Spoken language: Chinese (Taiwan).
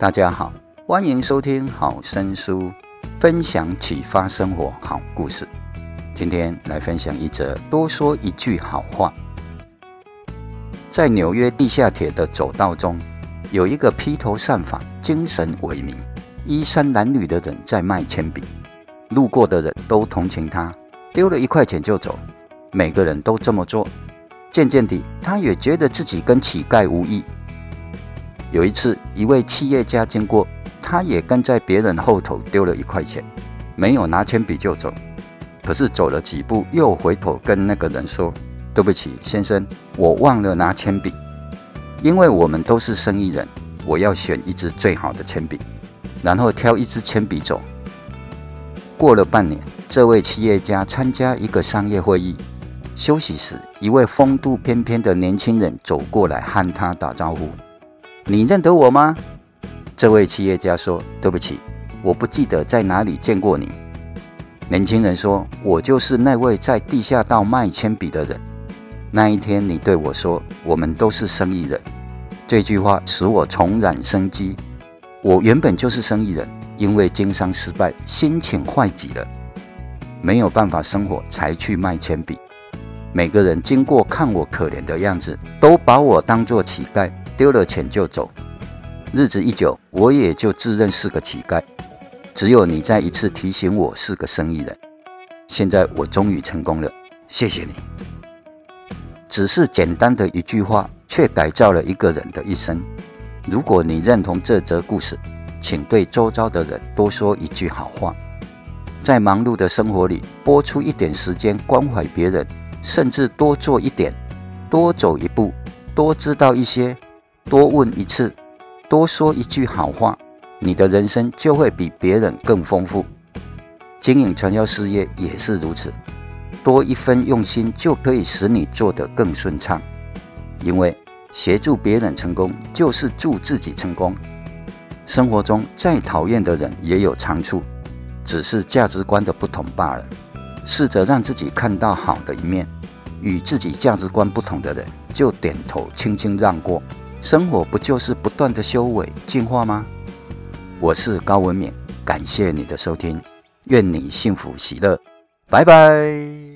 大家好，歡迎收聽好聲書，分享啟發生活好故事。今天來分享一則多說一句好話。在紐約地下鐵的走道中，有一個披頭散髮、精神萎靡、衣衫襤褸的人在賣鉛筆，路過的人都同情他，丟了一塊錢就走，每個人都這麼做，漸漸地，他也覺得自己跟乞丐無異。有一次，一位企業家經過，他也跟在別人後頭丟了一塊錢，沒有拿鉛筆就走。可是走了幾步，又回頭跟那個人說：“對不起，先生，我忘了拿鉛筆。因為我們都是生意人，我要選一支最好的鉛筆，然後挑一支鉛筆走。”過了半年，這位企業家參加一個商業會議，休息時，一位風度翩翩的年輕人走過來和他打招呼。你認得我嗎？這位企業家說：“對不起，我不記得在哪裡見過你。”年輕人說：“我就是那位在地下道賣鉛筆的人。那一天，你對我說‘我們都是生意人’這句話，使我重燃生機。我原本就是生意人，因為經商失敗，心情壞極了，沒有辦法生活，才去賣鉛筆。每個人經過看我可憐的樣子，都把我當作乞丐。”丟了錢就走，日子一久，我也就自認是個乞丐。只有你再一次提醒我是個生意人。現在我終於成功了，謝謝你。只是簡單的一句話，卻改造了一個人的一生。如果你認同這則故事，請對周遭的人多說一句好話。在忙碌的生活裡，撥出一點時間關懷別人，甚至多做一點，多走一步，多知道一些。多問一次，多說一句好話，你的人生就會比別人更豐富。經營傳銷事業也是如此，多一分用心就可以使你做得更順暢。因為協助別人成功，就是助自己成功。生活中再討厭的人也有長處，只是價值觀的不同罷了。試着讓自己看到好的一面，與自己價值觀不同的人就點頭輕輕讓過。生活不就是不斷的修為、進化嗎？我是高文敏，感謝你的收聽，願你幸福喜樂，拜拜。